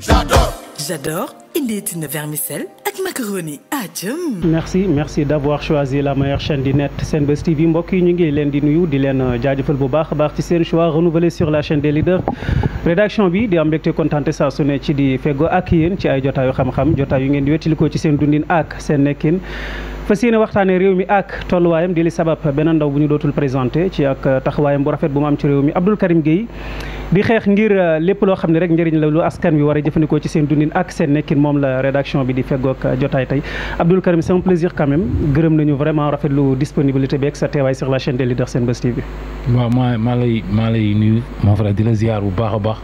j'adore. J'adore, indeetina vermicelle ak macaroni ajëm ah, merci merci d'avoir choisi la meilleure chaîne di net Senbuzz TV mbokk yi ñu ngi leen di nuyu di leen euh, jaajëfal bu baax a baax ci seen choix renouvelé sur la chaîne des leaders rédaction bi di am mbégte kontante saa su ne ci di fego ak yéen ci ay jotaayu xam-xam jotaay yu ngeen di wéttalikoo ci seen dundin ak seen nekkin fas yéene waxtaanee réew mi ak tolluwaayam di li sabab benn ndaw bu ñu dootul présenté ci ak taxawaayam bu rafet bu mu am ci réew mi Abdou Karim Gueye di xeex ngir euh, lépp loo xam ne rek njëriñ la lu askan wi war a jëfandikoo ci seen dundin ak seen nekkin moom la rédaction bi di feggoog euh, jotaay tey Abdou Karim c'est un plaisir quand même gërëm nañu vraiment rafetlu disponibilité bi ak sa teewaay sur la chaîne des leaders Senbuzz TV. waaw maa maa lay maa lay nuyu mon frère di la ziar bu baax a baax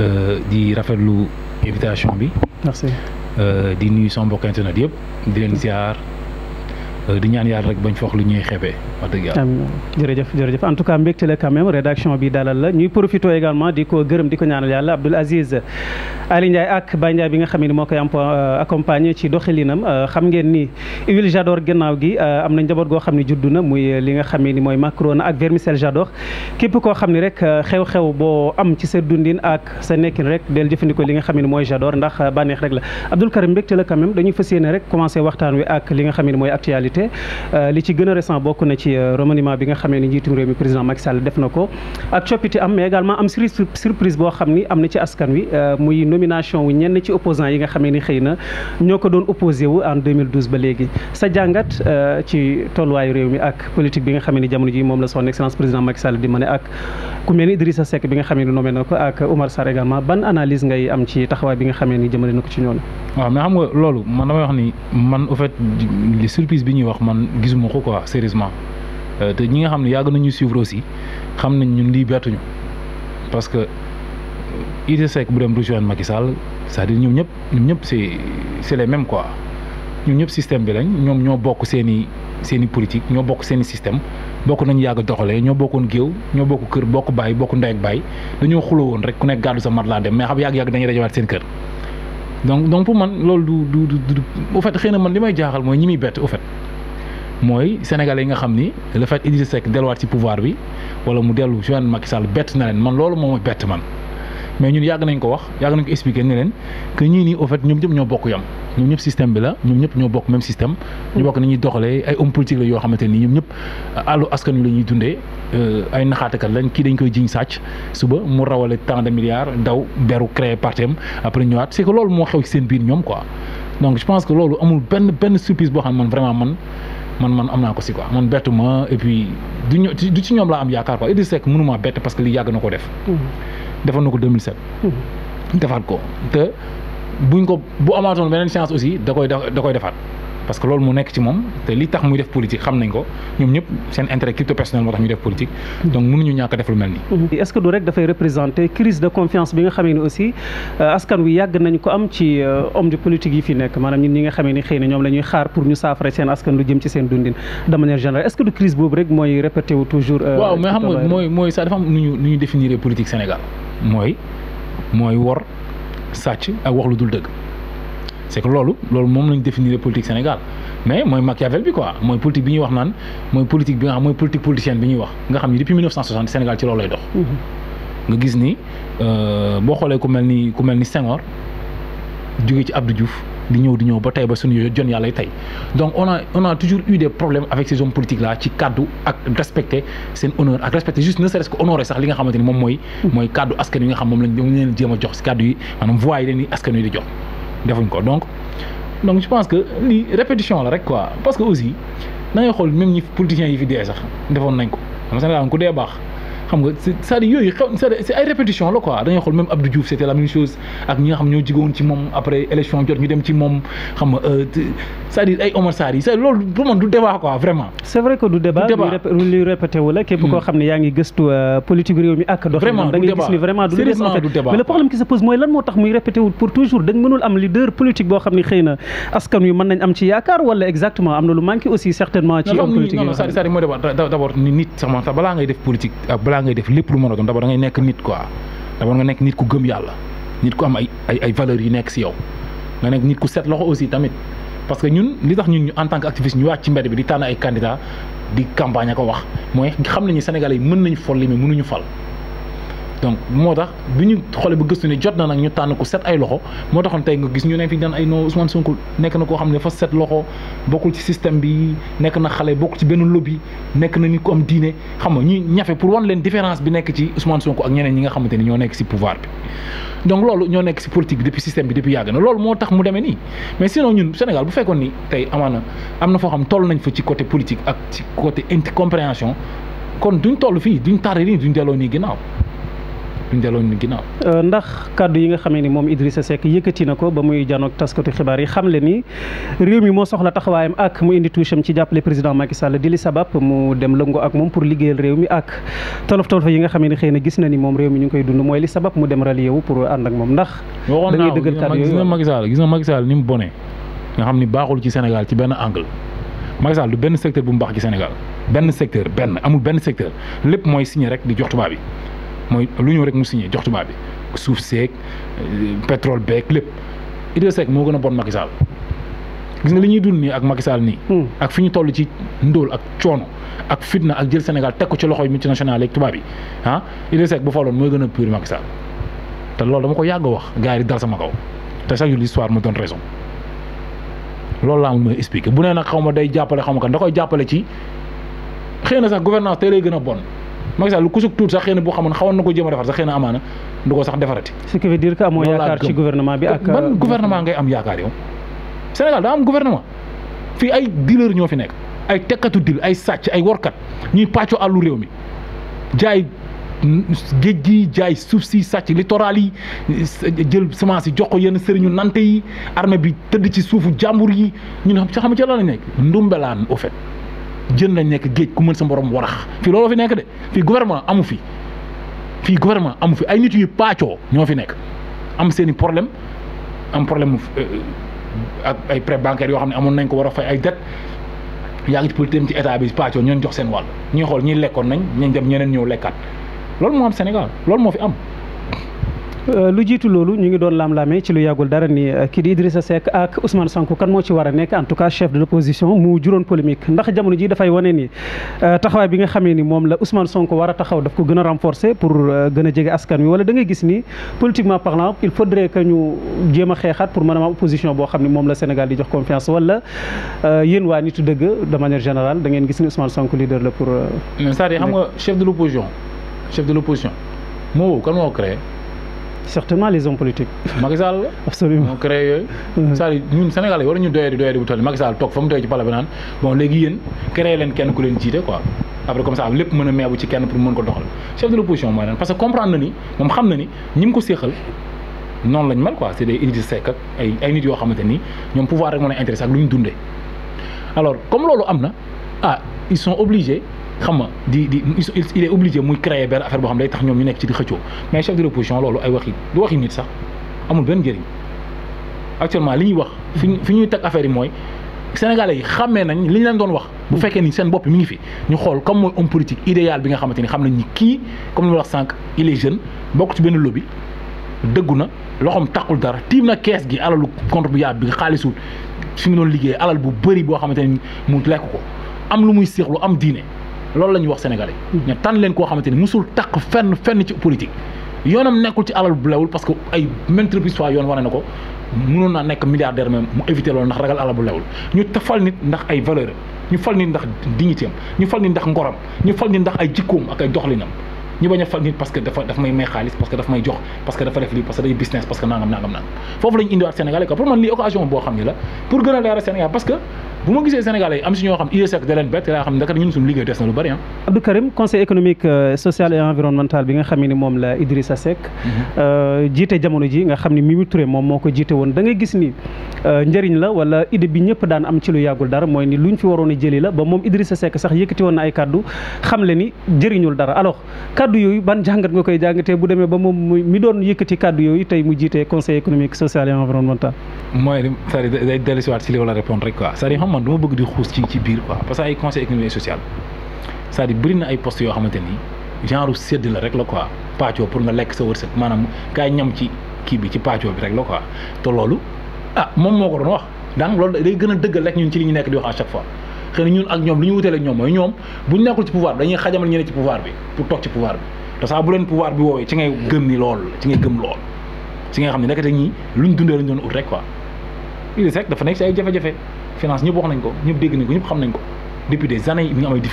euh, di rafetlu invitation bi. merci di nuyu sama mbokk internet yëpp di leen ziar. Euh, di ñaan yàlla rek bañ foox lu ñuy xebee wax dëgg yàlla. jërëjëf jërëjëf en tout cas mbégte la quand rédaction bi dalal la ñuy profito également di ko gërëm di ko ñaanal yàlla Abdoul Aziz Ali ak Baye Ndiaye bi nga xam ne moo koy euh, accompagné ci doxalinam euh, xam ngeen ni huile gannaaw gi am na njaboot goo xam ne juddu na muy li nga xam ne mooy macaroni ak vermicelle Jador képp koo xam ne rek xew-xew boo am ci sa dundin ak sa nekkin rek del jëfandikoo li nga xam ne mooy Jador ndax bànneex rek la Abdoul Karim mbégte la quand même dañuy fas yéene rek commencé waxtaan wi ak li nga xam ne mooy actualité respecté euh, li ci gën a récent bokk na ci euh, remaniement bi nga xamee ni njiitum réew mi président Macky def na ko ak coppite am mais également am surprise boo euh, xamee ni xëy bi nga xamee ni jamono ji moom la son excellence président Macky di mane ak bi nga xamee na ko ak Oumar Sarr également ban analyse ngay am ci taxawaay bi nga xamee ni jëmale na ko waaw mais xam nga loolu man damay wax ni man au fait surprise bi ñuy wax man gisuma ko quoi sérieusement euh, te ñi nga xam ne yàgg nañu suivre aussi xam nañ ñun lii bettuñu parce que euh, Idrissa Seck bu dem rejoindre Macky Sall c'est-à-dire ñoom ñëpp ñoom ñëpp c'est c'est les quoi ñoom ñëpp système bi lañ ñoom ñoo bokk seen seen i politique ñoo bokk seen i système bokk nañ yàgg doxalee ñoo bokkoon géew ñoo bokk kër bokk bàyyi bokk ndey ak bàyyi dañoo xuloo woon rek ku nekk gàddu sa mat laa dem mais xam yàgg dañu dañuy dajawaat seen kër donc donc pour man loolu du du du du au na man li may mooy ñi muy mooy sénégalais yi nga xam ni le fait Idrissa Seck ci pouvoir bi wala mu dellu joindre Macky Sall bett na leen man loolu moom mooy bett man mais ñun yàgg nañ ko wax yàgg nañ ko expliquer ne leen que ñii nii au ñoom ñëpp ñoo bokk yam ñoom ñëpp système bi la ñoom ñoo bokk même système. ñu bokk ni ñuy doxalee ay hommes ñëpp àllu askan wi ñuy dundee euh, ay naxaatakat lañ kii dañ koy jiñ sàcc suba mu rawale tant de milliards daw beru créé parti am après ñëwaat c'est que loolu moo xew ci seen biir ñoom quoi donc je pense que loolu amul benn benn surprise boo xam ne man man man man am naa ko si quoi man bett ma et puis du ñoom laa am yaakaar quoi Idrissa Seck mënuma bett parce que lii yàgg na ko def. Mm-hmm. defoon na ko 2007. Mm-hmm. defaat ko te buñ ko bu amaatoon beneen chance aussi da koy da koy defaat. parce que loolu mu nekk ci moom te li tax muy def politique xam nañ ko ñoom ñëpp seen intérêt crypto personnel moo tax ñu def politique mm-hmm. donc mënuñu ñàkk a def lu mel nii. Mm-hmm. est rek dafay représenter crise de confiance bi nga xamee ni aussi euh, askan wi yàgg nañ ko am ci euh, homme de politique yi fi nekk maanaam ñun ñi nga xamee ni xëy na ñoom la ñuy xaar pour ñu saafara seen askan lu jëm ci seen dundin de manière générale est-ce que du crise boobu rek mooy répété wu toujours. Euh, waaw mais c'est que loolu loolu moom lañ définir politique Sénégal mais mooy Machiavel bi quoi mooy politique bi ñuy wax naan mooy politique bi nga xam mooy politique politicienne bi ci loolu mm-hmm. gis ni euh, boo xoolee ku mel ni ku mel ni Senghor jóge ci Abdou Diouf di ñëw di ñëw ba tey ba suñu yàlla tey donc on a on a toujours eu des problèmes avec ak respecter seen honneur ak respecter juste ne serait-ce que sax li nga xamante ni moom mooy. Mm-hmm. mooy kaddu askan yi nga xam moom lañ leen jéem a jox si kaddu yi maanaam voix yi leen askan yi di jox. defuñ ko donc donc je pense que lii répétition la rek quoi parce que aussi da ngay xool même ñi politiciens yi fi dee sax defoon nañ ko xam Sénégal ku dee baax. xam nga c'est-à-dire yooyu xew c'est ay répétition la quoi dañoo xool même Abdou Diouf c'était la même chose ak ñi nga xam ñoo jigoon ci moom après élection jot ñu dem ci moom xam nga euh, c'est-à-dire ay Omar Sarr yi c'est loolu bu man du débat quoi vraiment. c'est vrai que du débat lu répété wu la képp koo hmm. xam ne yaa ngi gëstu euh, politique réew mi ak dox vraiment da ngay gis ni vraiment du débat mais le problème qui se pose mooy lan moo tax muy répété wu pour toujours da nga mënul am leader politique boo xam ne xëy na askan wi mën nañ am ci yaakaar wala exactement am na lu manqué aussi certainement ci homme politique yi d'abord nit sax balaa ngay def politique balaa ngay def lépp lu mën a doon d'abord da ngay nekk nit quoi d'abord nga nekk nit ku gëm yàlla nit ku am ay ay ay yu nekk si yow nga nekk nit ku seet loxo aussi tamit parce que ñun li tax ñun en tant que ñu wàcc ci mbedd bi di tànn ay candidats di campagne ko wax mooy xam ñu Sénégalais yi mën nañu fol li mais mënuñu fal donc moo tax bi ñu xoolee ba gëstu ne jot na nag ñu tànn ko set ay loxo moo taxoon tey nga gis ñu ne fi daan ay noo Ousmane Sonko nekk na koo xam ne dafa set loxo bokkul ci système bi nekk na xale bokkul ci benn lobby nekk na nit ku am diine xam nga ñuy ñafe pour wan leen différence bi nekk ci Ousmane Sonko ñi nga xamante ni ñoo nekk ci pouvoir bi. donc loolu ñoo nekk ci politique bi depuis système bi depuis yàgg na loolu moo tax mu demee nii mais sinon ñun Sénégal bu fekkoon ni tey amaana am na foo xam toll nañ fa ci côté politique ak ci côté incompréhension kon duñ toll fii duñ tardé nii duñ delloo nii ginnaaw du njaloon ñu ginnaaw. Euh, ndax kàddu yi nga xamee ni moom Idrissa Seck yëkkati na ko ba muy janoog taskatu xibaar yi xam le ni réew mi moo soxla taxawaayam ak mu indi touche am ci jàppale président Macky Sall di li sabab mu dem lëngoo ak moom pour liggéeyal réew mi ak tolof yi nga xamee ni xëy na gis na ni moom réew mi ngi koy dund mooy li sabab mu dem rallié wu pour ànd ak moom ndax. da ngay dëggal mu bonee nga xam ni baaxul ci Sénégal ci benn angle Macky Sall du benn secteur bu mu baax ci Sénégal benn secteur benn amul benn secteur lépp mooy signé rek di jox tubaab bi mooy lu ñëw rek mu signé jox tubaab bi suuf seeg euh, pétrole beeg lépp Idrissa Seck moo gën a bon Macky Sall gis nga li ñuy dund nii ak Macky nii. Hmm. ak fi ñu toll ci ndóol ak coono ak fitna ak jël Sénégal tekku ci loxo multinationale ak tubaab yi ah Idrissa Seck bu faloon mooy gën a pur Macky Sall te loolu dama ko yàgg wax gars yi dal sama kaw te chaque jour l'histoire me donne raison loolu laa mun a expliquer bu nee na xaw ma day jàppale xaw ma kan da koy jàppale ci xëy na sax gouvernance lay gën a bon. Macky Sall ku suk tuut sax xëy na boo xamoon xawoon na ko jéem a defar sax xëy na amaana du ko sax defarati. ce qui veut dire que amoo yaakaar ci gouvernement bi ak. ban euh, gouvernement am yaakaar yow Sénégal daa am gouvernement fii ay dealer ñoo fi nekk ay tekkatu dil ay sàcc ay workat ñuy pàccoo àllu réew mi jaay géej gi jaay suuf si sàcc littoral yi jël semence yi jox ko yenn sëriñu nante yi armée bi tëdd ci suufu jàmbur yi ñun xam ci xam ci lan la nekk ndumbelaan au fait. jën lañ nekk géej ku mën sa morom warax fi looloo fi nekk de fii amu fi fii gouvernement amu fi ay nit yu paacoo ñoo fi nekk am seen i problème am problème mu euh, ak ay prêt bancaire yoo xam ne amoon nañ ko war a fay ay dette yaa ngi ci politique ci état bi paacoo ñoo jox seen wàll ñuy xool ñi lekkoon nañ ñañ dem ñeneen ñëw lekkaat loolu moo am Sénégal loolu moo fi am. Euh, lu jiitu loolu ñu ngi doon laam-laamee ci lu yàggul dara nii euh, kii di Idrissa Seck ak Ousmane Sonko kan moo ci war a nekk en tout cas chef de l'opposition mu juróon polémique ndax jamono ji dafay wane ni euh, taxawaay bi nga xamee ni moom la Ousmane Sonko war a taxaw daf ko gën a renforcer pour gën a jege askan wi wala da gis ni politiquement parlant il faudrait que ñu jéem a xeexaat pour mën a am opposition boo xam ne moom la Sénégal di jox confiance wala yéen waa nitu dëgg de manière générale da ngeen gis ni Ousmane Sonko leader la pour c'est-à-dire xam nga chef de l'opposition chef de moo kan moo créé certainement les hommes politiques. Macky Sall la. absolument moo créé yooyu. c'est-à-dire ñun Sénégal yi war nañu doyadi doyadi bu toll Macky Sall toog fa mu toog ci pala bon léegi yéen créé leen kenn ku leen jiite quoi après comme ça lépp mën a meebu ci kenn pour mën ko doxal chef de l'opposition mooy lan parce que comprendre na ni moom xam na ni ñi ko séexal noonu lañ mel ko c'est des Idriss Seck ay nit yoo xamante ni ñoom pouvoir rek moo lay intéressé ak lu ñu dundee alors comme loolu am na ah ils sont xam nga di di il est obligé muy créer benn affaire boo xam day tax ñoom ñu nekk ci di xëccoo mais chef de l'opposition loolu ay waxi du waxi nit sax amul benn njëriñ actuellement li ñuy wax fi ñuy tag affaire yi mooy Sénégalais yi xam xàmmee nañ li ñu leen doon wax bu fekkee ni seen bopp mu ngi fi ñu xool comme mooy homme politique idéal bi nga xamante ni xam nañ ni kii comme li ma wax sànq il est jeune bokk ci benn lobby dëggu na loxoom taqul dara tiim na kees gi alalu contribuable bi xaalisul fi mu doon liggéey alal bu bëri boo xamante ni mu lekk ko am lu muy séexlu am diine loolu la ñu wax Sénégalais ñu tànn leen koo xamante ni musul takk fenn fenn ci politique yoonam nekkul ci alal bu lewul parce que ay entreprise fois yoon wane na ko mënoon nekk milliardaire même mu éviter loolu ndax ragal alal bu lewul ñu fal nit ndax ay valeur ñu fal nit ndax dignité ñu fal nit ndax ngoram ñu fal nit ndax ay jikkoom ak ay doxalinam ñu bañ a fal nit parce que dafa may xaalis parce que daf may jox parce que dafa def lii que bu ma gisee sénégalais am si ñoo xam ISEC da leen bett laa xam ne ñun suñu liggéey des na lu bari ah. Abdou Karim conseil économique euh, social et environnemental bi nga xam ne moom la Idrissa Seck. Mhm. Euh, jiite jamono ji nga xam ne Mimi Touré moom moo ko jiite woon da nga gis ni euh, njëriñ la wala idée bi ñëpp daan am ci lu yàggul dara mooy ni luñ fi waroon a jëli la ba moom a Seck sax yëkkati woon na ay kaddu xam le ni jëriñul dara alors kaddu yooyu ban jàngat nga koy jàngatee bu demee ba moom mi doon yëkkati kaddu yooyu tey mu jiite conseil économique social et environnemental. mooy c'est-à-dire man dama bëgg di xuus ci ci biir quoi parce que ay conseil économique et social cest à ay postes yoo xamante ni genre sedd la rek la quoi pàccoo pour nga lekk sa wërsëg maanaam kaay ñam ci kii bi ci pàccoo bi rek la quoi te loolu ah moom moo ko doon wax daanaka loolu day gën a dëggal rek ñun ci li ñu nekk di wax à chaque fois xëy ñun ak ñoom li ñu wuteel ak ñoom mooy ñoom bu ñu ci pouvoir dañuy xajamal ñeneen ci pouvoir bi pour toog ci pouvoir ni lool ci ngay gëm lool ci finance ñëpp wax nañ ko ñëpp dégg nañ ko ñëpp xam nañ ko depuis des années mi mu doon ut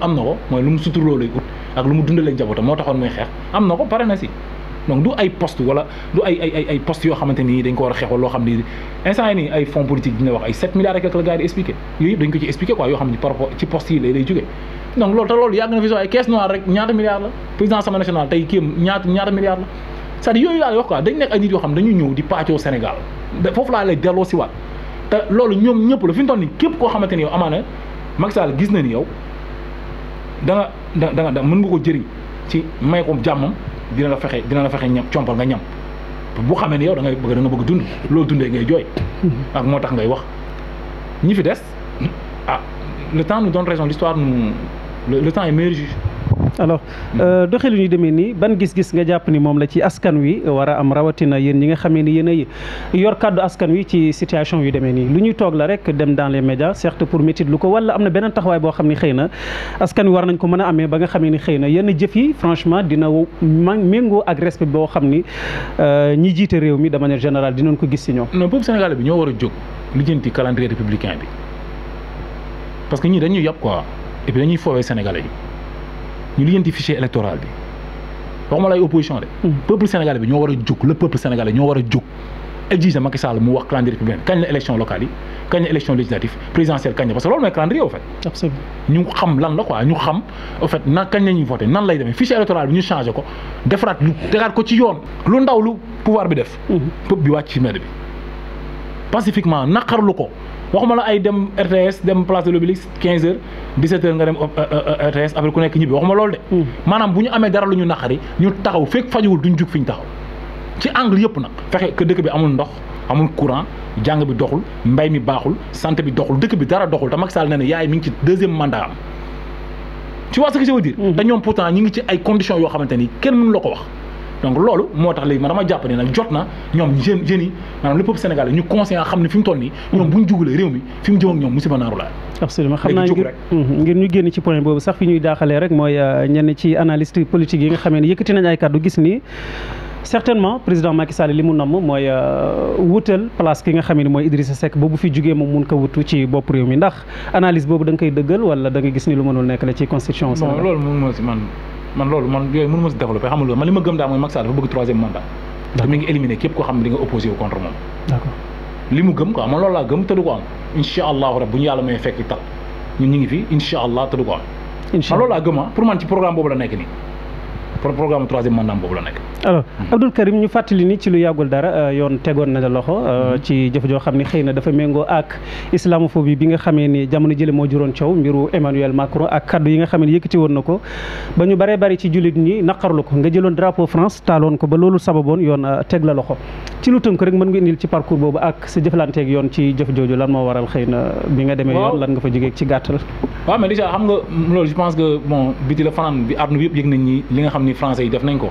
am na ko mooy lu mu suturloo lay ut ak lu mu dundalee njabootam moo taxoon muy xeex am na ko pare na si donc du ay poste wala du ay ay yoo xamante nii dañ ko war a xeex wala loo xam ni instant yi nii ay fonds politique dina wax ay 7 milliards ak la gars expliqué yooyu yëpp dañ ko ci expliqué quoi yoo xam ne par rapport ci poste yi lay lay jógee donc c'est-à-dire yooyu laa wax quoi dañ nekk ay nit yoo xam dañu ñëw di paacoo Sénégal foofu laa lay delloo si te loolu ñoom ñëpp la fi ñu toll ni képp koo xamante ni yow amaana Macky Sall gis na ni yow da nga da da nga mën nga ko jëriñ ci may ko jàmmam dina la fexe dina la fexe ñam compal nga ñam bu xamee ne yow da ngay bëgg da nga bëgg dund loolu dundee ngay jooy ak moo tax ngay wax ñi fi des ah le temps nous donne raison l'histoire nous le temps est meilleur juge alors euh, doxalin yu demee nii ban gis-gis nga jàpp ni moom la ci askan wi war am rawatina yéen ñi nga xamee ni yéen a yor kàddu askan wi ci situation yu demee nii lu ñuy toog la rek dem dans les média certes pour métit lu ko wala am na beneen taxawaay boo xam ni xëy na askan wi war nañ ko mën a amee ba nga xamee ni xëy na yenn jëfi yi franchement dina ma méngoo ak respect boo xam ni euh, ñi jiite réew mi de manière générale dinañ ko gis si ñoo non boobu Sénégal bi ñoo war a jóg lijjanti calendrier républicain bi parce que ñii dañuy yab quoi et puis foowee sénégalais ñu lijjanti fichier électoral bi waxuma lay opposition de. Hmm. peuple sénégalais bi ñoo war a jóg la peuple sénégalais ñoo war a jóg exiger Macky Sall mu wax calendrier républicain kañ la élection locale yi kañ la élection législative présidentielle kañ la parce que loolu mooy calendrier au fait. absolument ñu xam lan la quoi ñu xam au fait nan kañ la ñuy voté nan lay demee fichier électoral bi ñu changé ko defaraat lu tegaat ko ci yoon. lu ndaw lu pouvoir bi def. Hmm. peuple bi wàcc ci mbedd bi pacifiquement naqarlu ko. waxuma la ay dem RTS dem place de l'Obélisque 15h 17h nga dem euh, euh, euh, RTS après ku nekk ñibbi waxuma loolu de. Hmm. maanaam bu ñu amee dara lu ñu naqari ñu taxaw fekk fajuwul ñu jug fi ñu taxaw ci angle yëpp nag fexe que dëkk bi amul ndox amul courant jàng bi doxul mbay mi baaxul santé bi doxul dëkk bi dara doxul te Macky Sall nee na yaay mi ngi ci deuxième mandat am. tu vois ce que je veux dire. Hmm. te ñoom pourtant ñi ngi ci ay conditions yoo xamante ni kenn mënu la ko wax. donc loolu moo tax léegi man dama jàpp ne nag jot na ñoom jeunes jeunes yi maanaam le peuple sénégalais ñu conscient xam ne fi toll nii ñoom mm-hmm. bu ñu jugalee réew mi fi mu jëm ak ñoom musiba naaru la absolument xam naa ngir mm-hmm. ngir ñu génn ci point boobu sax fi ñuy daaxalee rek mooy euh, ñenn ci analyste politique yi nga xamee ne yëkkati nañ ay kàddu gis ni certainement président Macky Sall li mu nam mooy euh, wutal place ki nga xam ne mooy Idrissa Seck boobu fi jugee moom mun ko wutu ci ndax analyse boobu da nga wala da nga gis ni lu mënul nekk la ci constitution. bon loolu man loolu man yooyu mënu ma si développé xam nga man li ma gëm daal mooy Macky Sall dafa bëgg troisième mandat. te mi ngi éliminé képp koo xam ne opposé wu contre moom. li mu gëm quoi man loolu laa gëm ta du ko am incha allahu rab bu ñu yàlla may fekk tal ñun ñu ngi fi incha allah te du ko am. man loolu laa gëm ah pour man ci programme boobu la nekk ni pour programme troisième mandat boobu la nekk. alors mhm. Abdoul Karim ñu fàttali ni ci lu yàggul dara euh, yoon tegoon na la loxo euh, mhm. ci jëf xam ne xëy na dafa méngoo ak islamophobie bi nga xamee ni jamono jële moo juróon coow mbiru Emmanuel Macron ak yi nga xam ne yëkkati woon na ko ba ñu baree bari ci jullit ñi ko nga jëloon drapeau France taaloon ko ba loolu sababoon yoon euh, teg la loxo ci lu tënk rek mën nga ci parcours boobu ak sa jëflanteeg yoon ci jëf jooju lan moo waral xëy na bi nga demee yoon lan nga fa jógee ci gàttal waaw mais xam nga loolu je pense que bon biti la fanaan bi àdduna bi yëpp yëg nañ ni li nga xam xam ni français yi def nañ ko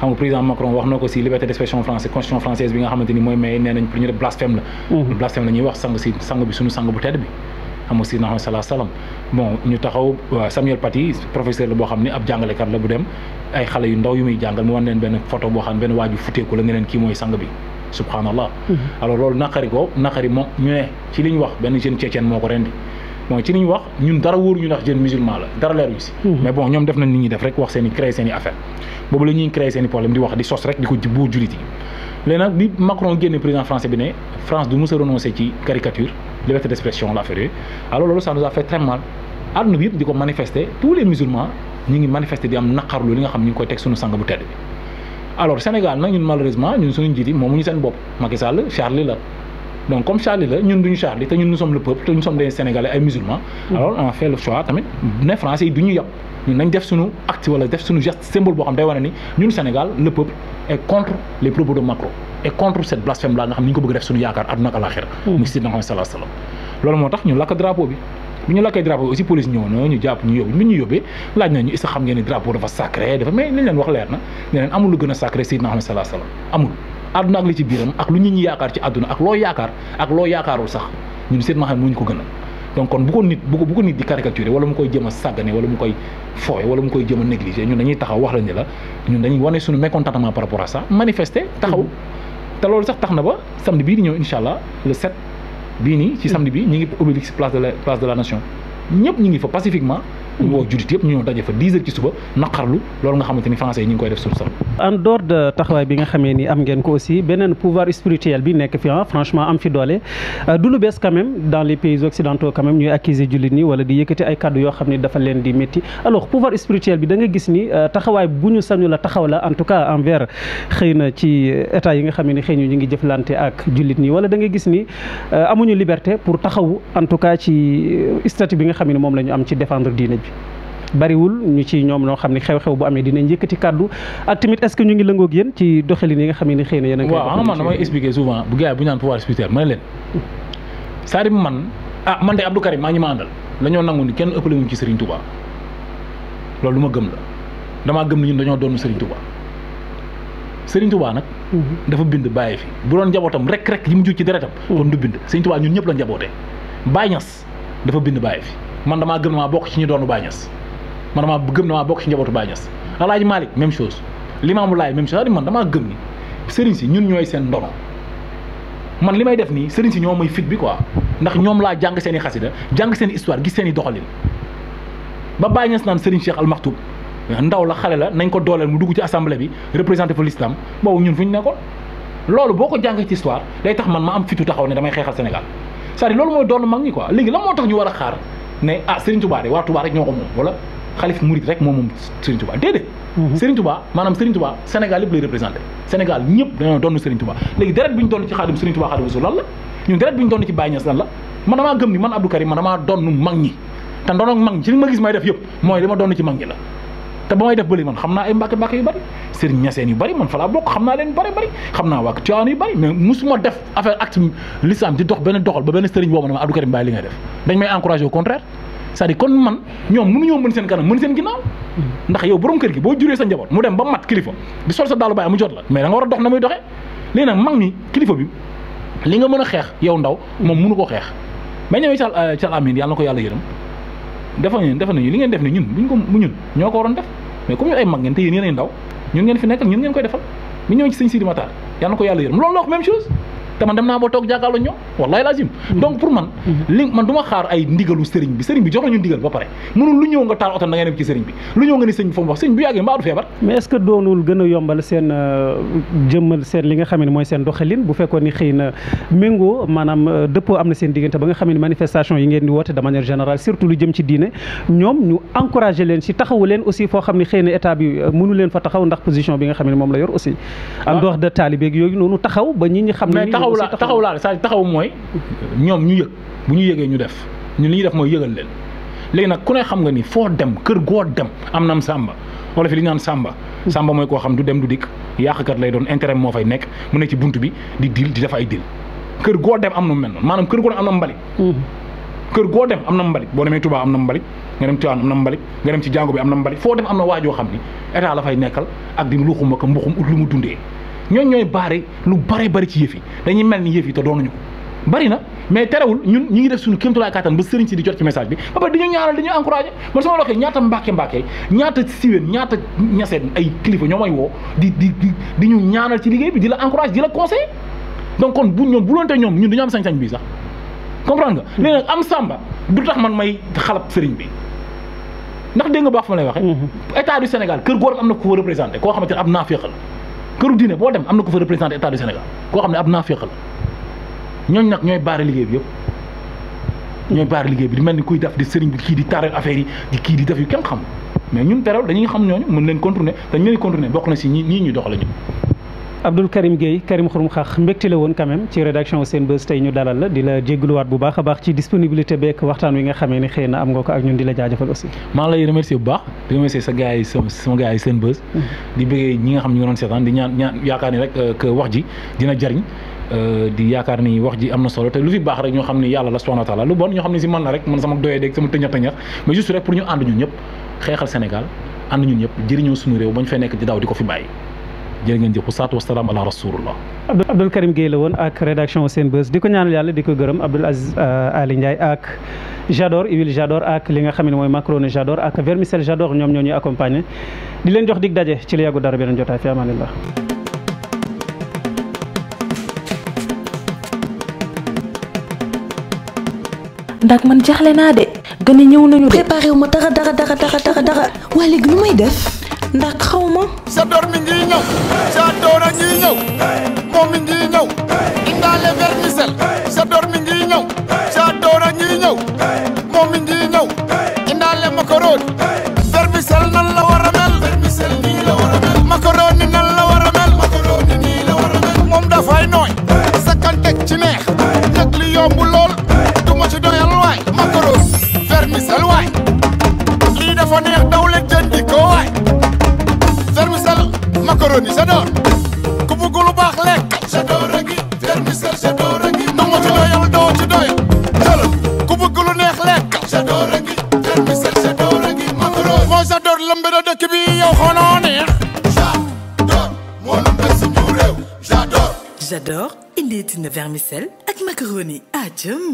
xam nga président Macron wax na ko si liberté d'expression française constitution française bi nga xamante mooy may nee ñu def mhm. blasphème la ñuy wax sang bi suñu sang bu tedd bi xam nga si na salaa salaam bon ñu taxaw euh, Samuel Paty professeur la boo xam ne ab jàngalekat la bu dem ay xale yu ndaw yu muy jàngal mu wan benn photo boo xam benn waaju futeeku la ne leen kii mooy sang bi subhanallah mhm. alors loolu naqari ko bon ci li ñu wax ñun dara wóoruñu ndax jeune musulman la dara leeruñu si. Mhm. mais bon ñoom def nañ li ñuy def rek wax seen i créer seen affaire boobu la ñuy créer seen problème di wax di sos rek di ko jubbu jullit yi. léegi nag bi Macron génne président français bi ne France du mës a renoncé ci caricature liberté d'expression l'affaire yooyu alors loolu ça nous a très mal àdduna bi yëpp di ko manifester tous les musulmans ñi ngi manifester di am naqarlu li nga xam ñu ngi koy teg suñu sang bu tedd bi. alors Sénégal nag ñun malheureusement donc comme Charlie la ñun duñu Charlie te ñun nous sommes le peuple te nous sommes des sénégalais ay musulmans. Mm. alors on fait le tamit ne français yi du ñu yab def suñu acte wala def de Macron et contre cette blasphème là nga xam ni ñu ko bëgg yaakaar àdduna ak mm. moo tax ñu lakk drapeau bi bu ñu lakkee drapeau na ñu jàpp ñu yóbbu bu ñu yóbbee laaj nañu xam ngeen drapeau dafa sacré dafa mais li leen wax leer na ne leen amul lu gën a sacré Seydina Ahmed amul àdduna ak li ci biiram ak lu nit ñi yaakaar ci àdduna ak loo yaakaar ak loo yaakaarul sax ñun seen ma xam muñ ko gën donc kon bu ko nit bu ko bu ko nit di caricaturer wala mu koy jëm a sàggane wala mu koy fooy wala mu koy jëm a négliger ñun dañuy taxaw wax la ni la ñun dañuy wane suñu mécontentement par rapport à ça manifester taxaw mmh. te loolu sax tax na ba samedi bii di ñëw incha allah le 7 bii nii ci samedi bi ñu ngi Obélisque place de la place de nation ñu ngi fa pacifiquement ñu woo jullit yëpp ñu ñëw daje fa 10 ci suba naqarlu loolu nga xamante ni français yi ñu ngi koy def en dehors taxawaay bi nga xamee ni am ngeen ko aussi beneen pouvoir spirituel bi nekk fi ah am fi doole euh, du lu bees quand même dans les pays occidentaux quand même ñuy accuser jullit ñi wala di yëkkati ay kàddu yoo xam ne dafa leen di métti alors pouvoir spirituel bi da nga gis ni euh, taxawaay bu ñu sañu la taxaw la en tout cas envers xëy na ci état yi nga xam ne xëy na ñu ngi jëflante ak jullit ñi wala da gis ni euh, amuñu liberté pour taxaw en tout cas ci statut bi nga xam ne moom la ñu am ci défendre diine bi bariwul ñu ci ñoom ñoo xam ne xew-xew bu amee dinañ yëkkati kàddu ak tamit est-ce ñu ngi lëngook yéen ci doxalin yi nga xam ne xëy na yéen a waaw xam man damay expliquer souvent bu gars yi bu ñu naan pouvoir spirituel ma leen cest à man ah man de Abdou Karim maa ngi ma àndal dañoo nangu ni kenn ëppale wuñ ci Serigne Touba loolu lu ma gëm la damaa gëm ni ñun dañoo doon Serigne Touba Serigne Touba nag mhm. dafa bind bàyyi fi bu doon njabootam rek rek yi mu jur ci deretam kon du bind Serigne ñun ñëpp la njabootee Baye dafa bind bàyyi fi man damaa gëm maa bokk ci ñu doonu Baay Ñas man damaa gëm damaa bokk ci njabootu Baay Ñas Alaaji Malick li chose Limaamu Laay même chose man damaa gëm ni sëriñ si ñun ñooy seen ndono man li may def nii sëriñ si ñoo may fit bi quoi ndax ñoom laa jàng seen i xasida jàng seen i histoire gis seen i doxalin ba Baay Ñas naan sëriñ Cheikh Al Maktoum ndaw la xale la nañ ko dooleel mu dugg ci assemblée bi représenté fa l'islam boobu ñun fu ñu nekkoon loolu boo ko jàngee ci histoire day tax man ma am fitu taxaw ne damay xeexal Sénégal c'est-à-dire loolu mooy doon ñi quoi léegi lan moo ñu war a xaar ne ah Serigne Touba waa Touba rek ñoo ko moom wala xalif Mouride rek moom moom Serigne Touba déedéet. Mhm. Serigne Touba maanaam Serigne Touba Sénégal yëpp senegal représenté Sénégal ñëpp dañoo doon Serigne Touba léegi deret bi ñu doon ci xaadim Serigne Touba xaadim Rasul lan la ñun deret bi ñu doon ci Baye Niass lan la man damaa gëm ni man Abdou Karim man damaa doon mag ñi ñi ci li ma gis may def yëpp mooy li ma doon ci mag ñi la te ba may def bëli man xam naa ay mbàkke mbàkke yu bëri sëriñ ñaseen yu bëri man fa laa bokk xam naa leen bëri bëri xam naa waa Tiwaawan yu bëri mais musuma def affaire acte l'islam di dox benn doxal ba benn sëriñ woo ma ne ma Abdou Karim Baye li ngay def dañ may encouragé au contraire c'est-à-dire man ñoom mënuñoo mën seen kanam mën ndax yow borom kër gi boo juree sa njaboot mu dem ba mat kilifa di sol sa daalu bàyyi mu jot la mais da a dox na muy doxee léegi bi li nga mën a xeex yow ndaw moom mënu ko xeex mais ñooy cal cal amin yàlla na ko yàlla yërëm defa ñu defa nañu li ngeen def ne ñun buñ ko ñun ñoo ko waroon def mais comme ñun ay mag ngeen te yéen yéen ndaw ñun ngeen fi nekkal ñun ngeen koy defal mi ñëw ci sëñ Sidi Matar yàlla yàlla yërëm loolu la wax même te man dem naa boo toog jàkkaarloo ñoom wallahi lazim mm-hmm. donc pour man mm-hmm. man du xaar ay ndigalu sëriñ bi sëriñ bi jox nañu ndigal ba pare mënul lu ñëw nga taal oto da nga ni a yombal seen euh, seen li nga xam ne mooy seen doxalin bu fekkoon ni xëy na méngoo maanaam euh, dëppoo am na seen diggante ba nga xam ne manifestation yi ngeen di woote de manière générale surtout lu jëm ci diine ñoom ñu encouragé leen ci taxawu leen aussi foo xam ni xëy na état bi euh, mënu leen fa taxaw ndax position bi nga xam ne moom la yor aussi en ah. taxaw laa taxaw laa saa taxaw mooy ñoom ñu yëg bu ñu yëgee ñu def ñun li ñuy def mooy yëgal leen léegi nag ku ne xam nga ni foo dem kër goo dem am na sàmba wala fi li naan sàmba sàmba mooy koo xam du dem du dikk yàqkat lay doon intérêt moo fay nekk mu ne ci bunt bi di dil di def ay dil kër goo dem am na mel noonu maanaam kër goo am na mbalit kër goo dem am na mbalit boo demee Touba am na mbalit nga dem Tivaouane am na mbalit nga dem ci jàngo bi am na mbalit foo dem am na waajoo xam ni état la fay nekkal ak di luxuma ko mbuxum ut lu mu dundee ñooñ ñooy baare lu bare bari ci yëf yi dañuy mel ni yëf yi te doonuñu ko bari na mais terewul ñun ñu ngi def suñu kéemtulaay kàttan ba sëriñ si di jot ci message bi ba pare dañu ñaanal dañu encouragé man sama loxo ñaata mbàkke mbàkke ñaata siwén ñaata ñaseen ay kilifa ñoo may woo di di di ñu ñaanal ci liggéey bi di la encouragé di la conseillé donc kon bu ñoom bu loonte ñoom ñun dañu am sañ-sañ bii sax comprendre nga léegi nag am sàmba du tax man may xalab sëriñ bi ndax dégg nga baax fa lay waxee mm-hmm. état du Sénégal kër am na ko représenté koo xamante ne ab naafiq la këru diine boo dem am na ko fa représenté état du Sénégal koo xam ne ab naaféq la ñooñ nag ñooy baare liggéey bi yëpp ñooy baare liggéey bi di mel ni kuy def di sëriñ bi kii di taaral affaire yi di kii di def yu kenn xam mais ñun teral dañuy xam ñooñu mën leen contourner dañ leen contourner bokk na si ñi ñii ñuy doxale ñu Abdoul Karim Gueye Karim Xurum Xax mbégte la woon quand même ci rédaction Senbuzz tey ñu dalal la di la jégaluwaat bu baax a baax ci disponibilité beeg waxtaan wi nga xamee ni xëy na am nga ko ak ñun di la jaajëfal aussi. maa ngi lay remercier bu baax mm-hmm. nga xam ñu ngi doon ñaan ñaan yaakaar ni rek euh, que wax ji dina euh, wax ji am na solo te lu fi baax rek ñoo xam ni yàlla la subhanahu wa taala lu bon ñoo xam ne si man la rek man sama doyee dégg sama tëñax tëñax mais juste rek pour ñu ànd ñun ñëpp xeexal Sénégal ànd ñun ñëpp jëriñoo suñu réew bañ fee nekk di daw di ko fi bàyyi jërë ngeen jëf wasalaatu wasalaam ala rasulullah Abdoul Karim Gueye la woon ak rédaction Senbuzz di ko ñaanal yàlla di ko gërëm Abdoul Aziz euh, Ali Ndiaye ak Jador huile Jador ak li nga xam ne mooy macaroni Jador ak vermicelle Jador ñoom ñoo ñuy accompagné di leen jox dig daje ci la dara beneen jotaay fi amaanillah ndax ma dara dara ndax xaw ma. sa mi ngi ñëw. sa door a ngi ñëw. moom mi ngi mi ngi ñëw. sa door a ngi ñëw. moom mi ngi nan la war a nan la war moom dafay nooy. ci neex. nag li yomb Chronique à demain.